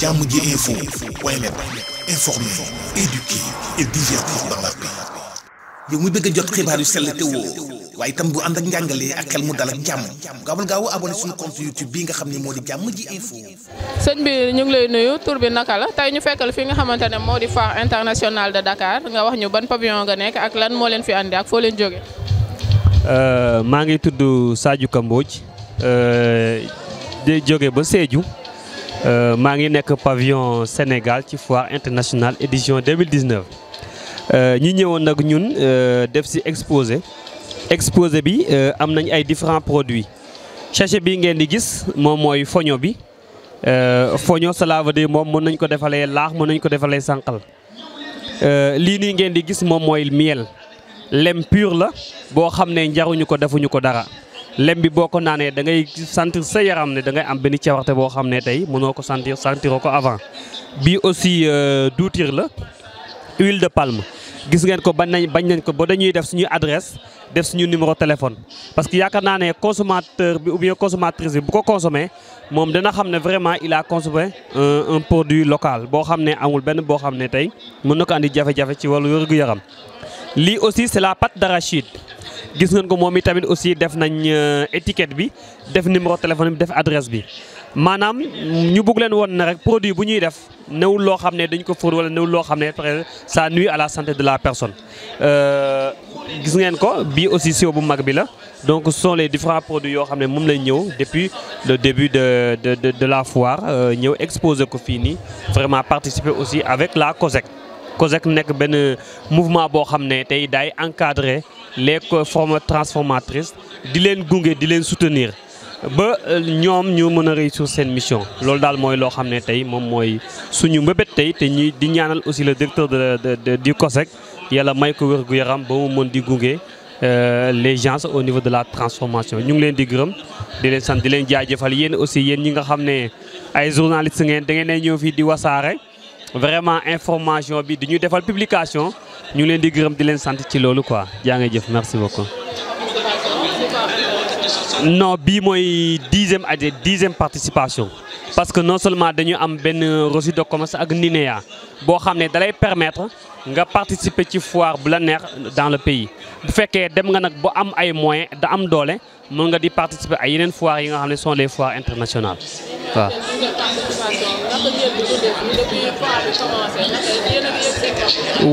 jàmm ji info point net informer, éduquer bëgg a jot xibaar yu sell te bu ànd ak njàngalee ak mu dal jàmm gaawal gaaw abonné suñu bii nga xam ne moo di jàmm ji info. ñu ngi lay nuyu tur naka la tey ñu fekkal fii nga xamante ne moo di foire internationale de Dakar nga wax ñu ban pavillon nga nekk ak lan moo leen fi andi ak foo leen jóge euh, maa ngi tudd Sadio Kambodj euh, di jóge ba Sédhiou. Euh, maa ngi nekk pavillon Sénégal ci foire internationale édition 2019 euh, ñi ñëwoon nag ñun euh, def si exposé exposé bi am nañu ay différents produits sachet bi ngeen di gis moom mooy foño bi foño cela veut moom mën nañu ko defalee laax mën nañ ko defalee sànqal lii nii ngeen di gis moom mooy miel lem pur la boo xam ne njaruñu ko defuñu ko dara lem bi boo ko naanee da ngay sentir sa yaram ne da ngay am benn cawarte boo xam ne tey mënoo ko sentir sentiroo ko avant bii aussi euh, duutir la huile de palme gis ngeen ko bañ nañ bañ nañ ko ba dañuy def suñuy adresse def suñu numéro téléphone parce que yaakaar naa ne consommateur bi ou bien bi bu ko consommé moom dana xam ne vraiment il a consommé un produit local boo xam ne amul benn boo xam ne tey mën na ko andi jafe-jafe ci wàllu wér-gu-yaram lii aussi gis ngeen ko moom i aussi def nañ euh, étiquette bi def numéro téléphone bi def adresse bi maanaam ñu bëgg leen woon ne rek produit bu ñuy def newul loo xam ne dañ ko fóot wala newul loo xam ne ça nuit à la santé de la personne euh, gis ngeen ko bii aussi siwo bu mag bi la donc ce sont les différents produits yoo xam ne moom lañ ñëw depuis le début de de de, de la foire euh, ñëw exposé ko fii nii vraiment participer aussi avec la COSEC COSEC nekk benn mouvement boo xam ne tey daay encadré les forma transformatrice di leen gunge di leen soutenir ba euh, ñoom ñu mën a réussir seen mission loolu daal mooy loo xam ne tey moom mooy suñu mbébét tey te ñuy di ñaanal aussi le directeur de du COSEC yalla may ko wér gu yaram ba mu mën di gunge euh, les gens au niveau de la transformation ñu ngi leen di gërëm di leen san di leen jaajëfal yéen aussi yéen ñi nga xam ne ay journalistes ngeen da ngeen ñëw fii di wasaare vraiment information bi di ñu defal publication. ñu leen di gërëm di leen sant ci loolu quoi jaa ngay jëf merci beaucoup. non bii mooy dixième année dixième participation parce que non seulement dañu am benn reçu de commerce ak NINEA boo xam ne dalay permettre nga participer ci foire bu la neex dans le pays bu fekkee dem nga nag ba am ay moyen da am doole. mën nga di participer ay yeneen foires yi nga xam ne sont les foires internationales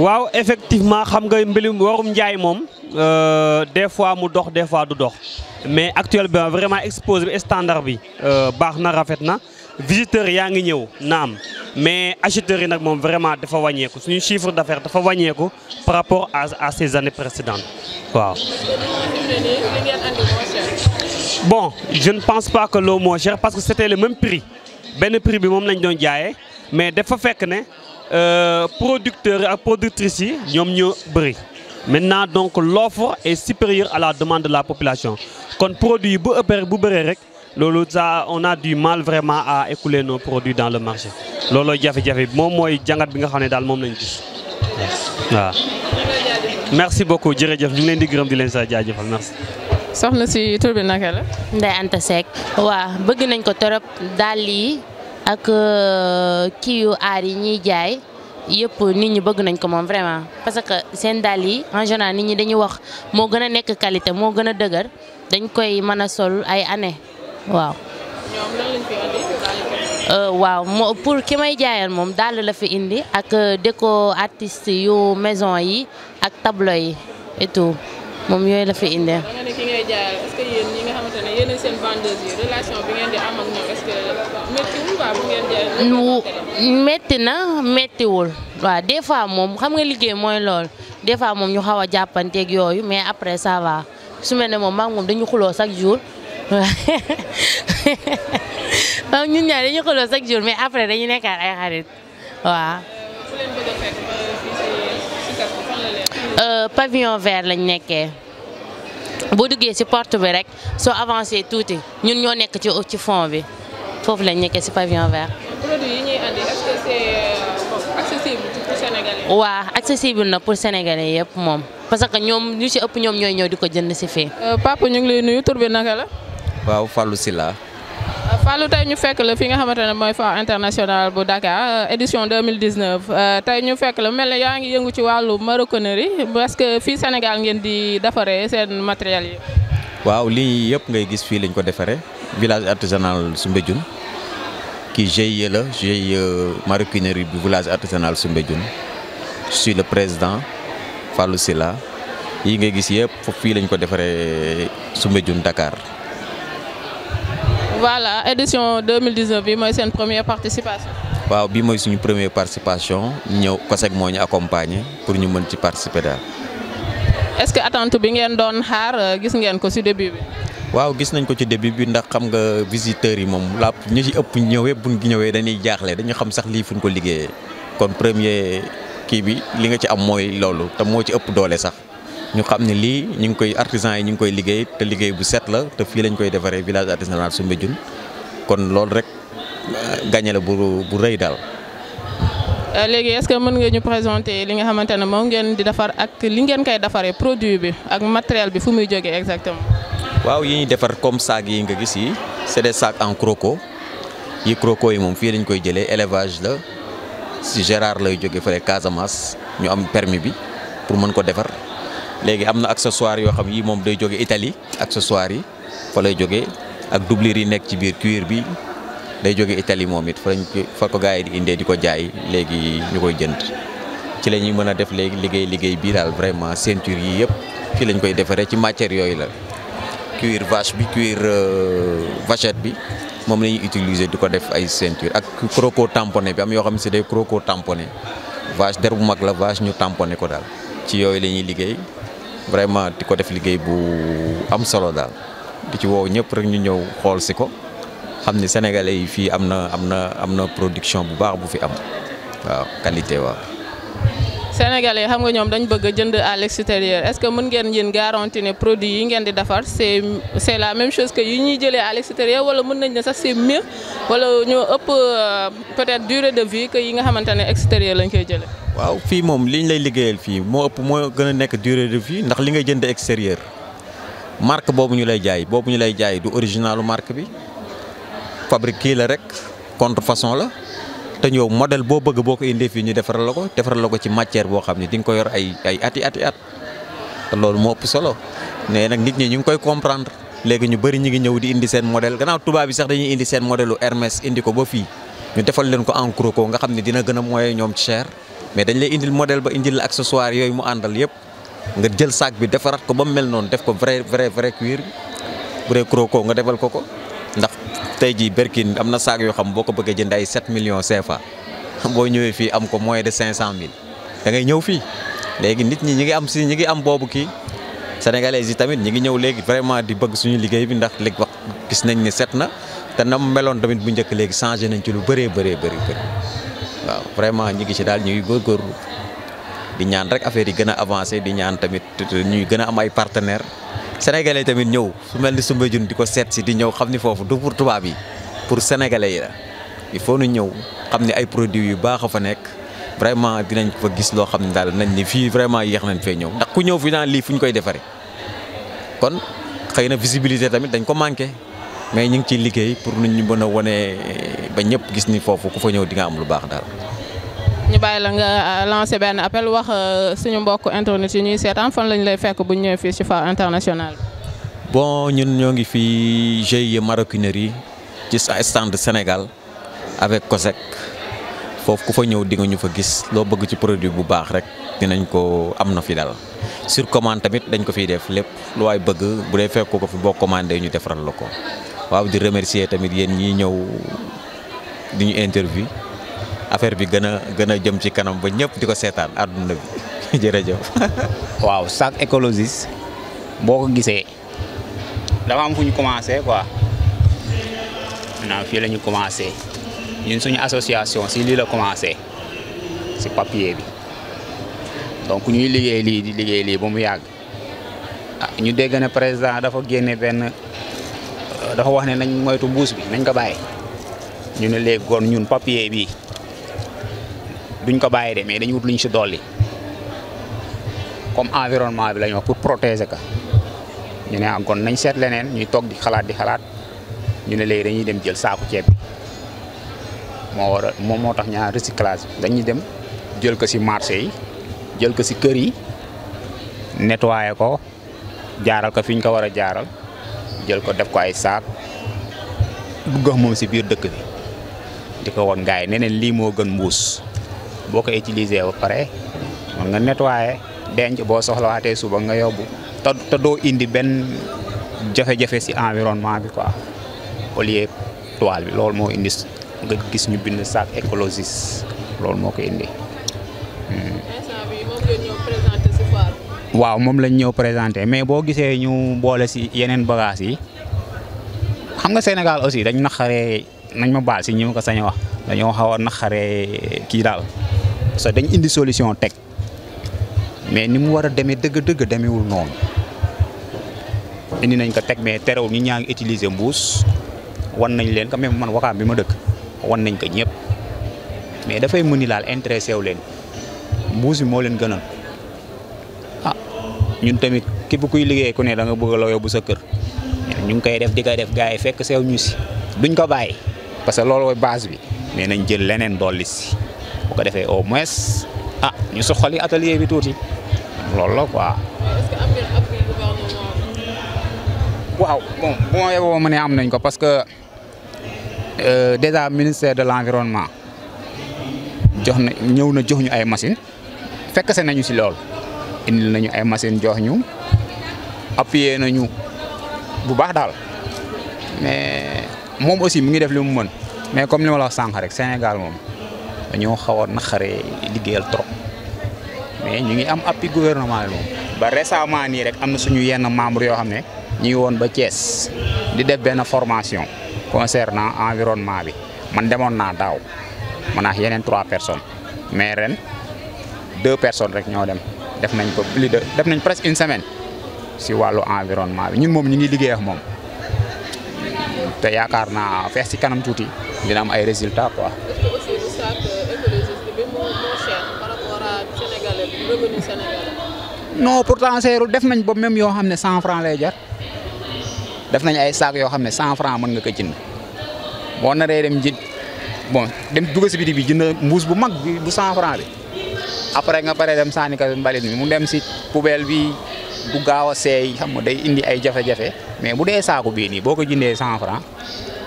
waaw. effectivement xam nga mbirum warum njaay moom euh, des fois mu dox des fois du dox mais actuellement vraiment exposé bi standard bi euh, baax na rafet na visiteurs yaa ngi ñëw naam mais acheteurs yi nag moom vraiment dafa wàññeeku suñu chiffre d'affaires dafa wàññeeku par rapport à à ces années précédentes waaw. bon je ne pense pas que l'eau moo chère parce que c'était le même prix benn prix bi moom lañu doon jaaye mais dafa fekk ne euh, producteurs ak productrices yi ñoom ñoo bëri maintenant donc l'offre est supérieure à la demande la population kon produit yi bu ëppee bu bëree rek loolu ça on a du mal vraiment à écouler nos produits dans le marché loolooy jafe-jafe moom mooy jàngat bi nga xam ne daal moom lañ gis waaw merci beaucoup jërëjëf ñu ngi leen di gërëm di leen sa jaajëfal merci soxna si tur bi naka la. Ndeye Anta Seck. waaw bëgg nañ ko torop dàll yi ak euh, kii yu aar yi ñuy jaay yëpp nit ñi bëgg nañ ko moom vraiment parce que seen dàll yi en général nit ñi dañuy wax moo gën a nekk qualité moo gën a dëgër dañ koy mën a sol ay année waaw. Euh, waaw moo pour ki may jaayal moom dàll la fi indi ak euh, déco artist yu maison yi ak tableau yi et moom yooyu la fi indi. boutique yi ngay jaayal waa bu na méttiwul waaw des fois moom xam nga liggéey mooy lool des fois moom ñu xaw a jàppanteeg yooyu mais après ça su mel ne moom maa moom dañu xuloo chaque jour waaw ñun ñaar dañu xuloo chaque jour mais après dañu nekkaat ay xarit waaw. Euh, pavillon vert lañ nekkee. boo duggee si porte bi rek soo avancé tuuti ñun ñoo nekk ci ci fond bi foofu lañ nekkee si pavillon vert. produit yi ñuy andi est euh, na pour sénégalais yëpp moom parce que ñoom ñu si ëpp ñoom ñooy ñëw di ko jënd si fii. Euh, papa ñu ngi lay nuyu tur bi naka la. waaw Fallou Sylla Fallou tey ñu fekk la fi nga xamante ne mooy foire internationale bu Dakar euh, édition 2019 euh, tey ñu fekk la mel ne yaa ngi yëngu ci wàllu maroquinerie parce que fii Sénégal ngeen di defaree seen matériel yi. waaw lii yëpp ngay gis fii lañ ko defaree village artisanal Soumbédioune kii GIE la GIE maroquinerie bi village artisanal Soumbédioune je suis le président Fallou Silla yi ngay gis yëpp foofu fii lañ ko defaree Soumbédioune Dakar. voilà édition 2019 bi mooy seen première participation. waaw bi mooy suñu première participation ñëw COSEC moo ñu accompagner pour ñu mën ci participer daal. est-ce que attente bi ngeen doon xaar euh, gis ngeen ko ci début bi. waaw gis nañ ko ci début bi ndax xam nga visiteurs yi moom la ñu ci ëpp ñëwee buñ ñëwee dañuy jaaxle dañu xam sax lii fuñ ko liggéeyee kon premier kii bi li nga ci am mooy loolu te moo ci ëpp doole sax. ñu xam ne lii ñu ngi koy artisan yi ñu ngi koy liggéey te liggéey bu set la te fii lañ koy defaree village artisanal Soumbédioune kon loolu rek euh, gagné la bu bu rëy daal. Euh, léegi est-ce que mën nga ñu présenter li nga xamante ne moom ngeen di defar ak li ngeen koy defaree produit bi ak matériel bi fu muy jógee exactement. waaw yi ñuy defar comme saag yi nga gis yi c'est des sacs en croco yi croco yi moom fii lañ koy jëlee élevage la si Gérard lay jóge fële Casamance ñu am permis bi pour mën ko defar. léegi am na accessoire yoo xam yi moom day jóge Italie accessoire yi fa lay jóge ak doublure yi nekk ci biir cuir bi day jóge itali moom it fa lañ fa ko gars yi di indee di ko jaay léegi ñu koy jënd ci la ñuy mën a def léegi liggéey liggéey bii daal vraiment ceinture yi yëpp fii lañ koy defaree ci matière yooyu la cuir vache bi cuir euh, vachette bi moom lañuy ñuy utiliser di ko def ay ceinture ak croco tamponné bi am yoo xam ne si day croco tamponné vache der bu mag la vache ñu tamponné ko daal ci yooyu la ñuy liggéey vraiment di ko def liggéey bu am solo daal di ci woow ñëpp rek ñu ñëw xool si ko xam ni sénégalais yi fii am na am na am na production bu baax bu fi am waaw qualité waa sénégalais yi xam nga ñoom dañ bëgg a jënd à l'extérieur est-ce que mën ngeen yéen garanti ne produit yi ngeen di defar c'est c'est la même chose que yi ñuy jëlee à l'extérieur wala mën nañ ne sax c'est mieux wala ñoo ëpp euh, peut-être durée de vie que yi nga xamante ne extérieur lañ koy jëlee. waaw fii moom liñ lay liggéeyal fii moo ëpp moo gën a nekk durée de fii ndax li ngay jënd extérieur marque boobu ñu lay jaay boobu ñu lay jaay du originalu marque bi fabrique kii la rek contrefaçon la te ñëw modèle boo bëgg boo ko indee fii ñu defaral la ko defaral ko ci matière boo xam ne di nga ko yor ay ay at ati at te loolu moo ëpp solo mais nag nit ñi ñu ngi koy comprendre léegi ñu bëri ñu ngi ñëw di indi seen modèle gannaaw tubaab yi sax dañuy indi seen modèle u indi ko ba fii ñu defal leen ko nga xam ne dina gën a moyen ñoom cher mais dañ lay indil modèle ba indil la accessoire yooyu mu àndal yëpp nga jël saag bi defaraat ko ba mu mel noonu def ko vrai vrai vrai cuir bu dee croco nga defal ko ko ndax tey jii Birkin am na saag yoo xam boo ko bëggee jënd ay 7 millions CFA boo ñëwee fii am ko moins de 500000 da ngay ñëw fii léegi nit ñi ñi ngi am si ñi ngi am boobu kii sénégalais yi tamit ñi ngi ñëw léegi vraiment di bëgg suñu liggéey bi ndax léegi wax gis nañ ni set na te na meloon tamit bu njëkk léegi changé nañ ci lu bëree bëree bëri. vraiment ñi ngi ci daal ñuy góor góorgóorlu di ñaan rek affaire yi gën a avancé di ñaan tamit ñuy gën a am ay partenaires sénégalais tamit ñëw su mel ni jun di ko seet si di ñëw xam ni foofu du pour tubaab yi pour sénégalais yi la il faut nu ñëw xam ni ay produits yu baax a fa nekk vraiment dinañ fa gis loo xam ne daal nañ ni fii vraiment yéex nañ fee ñëw ndax ku ñëw fi naan lii fu ñu koy defaree kon xëy na visibilité tamit dañ ko manqué mais ñu ngi ciy liggéey pour nu ñu mën a wane ba ñëpp gis ni foofu ku ñëw di nga am lu baax daal. ñu bàyyi la nga euh, lancé benn appel wax euh, suñu mbokk internet yi ñuy seetaan fan lañ lay fekk bu ñu ñëwee fii ci foire internationale bon ñun ñoo ngi fii GIE maroquinerie ci stand Sénégal avec COSEC foofu ku fa ñëw di nga ñu fa gis loo bëgg ci produit bu baax rek dinañ ko am na fi dal sur commande tamit dañ ko fiy def lépp lu waay bëgg bu dee fekk ko fi boo commandé ñu defaral la ko waaw di remercier tamit yéen ñi ñëw di ñu interview affaire bi gën a gën a jëm ci kanam ba ñëpp di ko seetaan àdduna bi jërëjëf. waaw chaque écologiste boo ko gisee dama am fu ñu commencé quoi naa fii lañu ñu ñun suñu association si lii la commencé si papier bi donc ñuy liggéey lii di liggéey lii ba mu yàgg ah, ñu dégg ne président dafa génne benn dafa wax ne nañ moytu mbuus bi nañ ko bàyyi ñu ne léegi gon ñun papier bi. duñ ko bàyyi de mais dañu wut luñ si dolli comme environnement bi la wax pour protéger ka ñu ne ah, kon nañ seet leneen ñuy toog di xalaat di xalaat ñu ne léegi dañuy dem jël saaku ceeb bi moo war moom moo tax ñaar recyclage dañuy dem jël ko si marché yi jël ko si kër yi nettoyé ko jaaral ko fi ñu ko war a jaaral jël ko def ko ay saak duggax moom si biir dëkk bi di ko woon gars yi neneen lii moo gën mbuus boo ko utiliser ba pare mën nga nettoyer denc boo soxlawaatee suba nga yóbbu te doo indi benn jafe-jafe si environnement bi quoi au lieu toile bi loolu moo indi nga gis ñu bind sac écologie loolu moo ko indi. waaw moom lañ ñëw présenté mais boo gisee ñu boole si yeneen bagages yi xam nga Sénégal aussi dañ naxaree nañ ma baal si ñi ma ko sañ wax dañoo xaw a naxaree kii daal parce que dañ indi solution teg mais ni mu war a demee dëgg-dëgg demewul noonu indi nañ ko teg mais terewul ñu ñaa ngi utiliser mbuus wan nañ leen quand même man waxaam bi ma dëkk wan nañ ko ñëpp mais dafay mën ni laal intéressé wu leen mbuus bi moo leen gënal ah ñun tamit bu kuy liggéey ku ne da nga bëgg a la sa kër ñu ngi koy def di koy def gars yi fekk sew ñu si duñ ko bàyyi parce que loolu base bi nee nañ jël leneen dolli si bu ko defee au moins ah ñu soxali atelier bi tuuti loolu la quoi. waaw bon bu ma yeboo ma ne am nañ ko parce que euh, déjà ministère de l'environnement jox na ñëw na jox ñu ay machines fekk se nañu si lool indi nañu ay machines jox ñu appuyer nañu bu baax daal mais moom aussi mu ngi def lu mu mën mais comme li ma la wax sànq rek Sénégal moom. dañoo xaw a naqaree liggéeyal trop mais ñu ngi am appui gouvernement bi moom. ba récemment nii rek am na suñu yenn membre yoo xam ne ñu ngi woon ba cees di def benn formation concernant environnement bi man demoon naa daaw man yeneen trois personnes mais ren deux personnes rek ñoo dem def nañ ko plus def nañ presque une semaine si wàllu environnement bi ñun moom ñu ngi liggéey moom te yaakaar naa fees si kanam tuuti dina am ay résultat quoi. revenu Sénégal. non pourtant seerul def nañ boobu même yoo xam ne cent franc lay jar def nañ ay saak yoo xam ne cent franc mën nga ko moo na naree dem ji bon dem dugg si biti bi jënd mbuus bu mag bi bu cent franc bi après nga pare dem sànni ka mbalit mi mu dem si poubelle bi du gaaw a seey xam nga day indi ay jafe-jafe mais bu dee saako bii nii boo ko jindee cent franc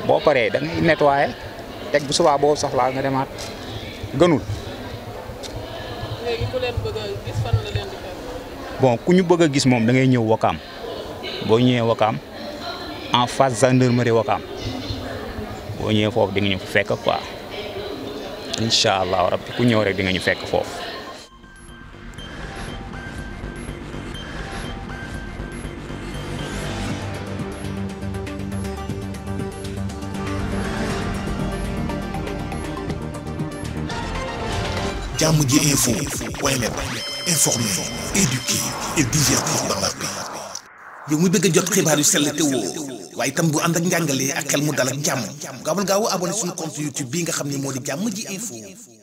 boo paree da ngay nettoyer teg bu subaa boo soxlaa nga demaat gënul. léegi ku bon ku ñu bëgg a gis moom da ngay ñëw Wakaam boo ñëwee Wakaam en face gendarmerie Wakaam boo ñëwee foofu di ñu fekk quoi incha allah rabbi ku ñëw rek dinga ñu fekk foofu. point net informer, éduquer et divertir yow mi bëgg jot xibaar yu sell te woo waaye itam bu ànd ak njàngalee ak xel mu dal ak jàmm gaawal gaaw abonné suñu compte YouTube bii nga xam ne moo di jàmm ji info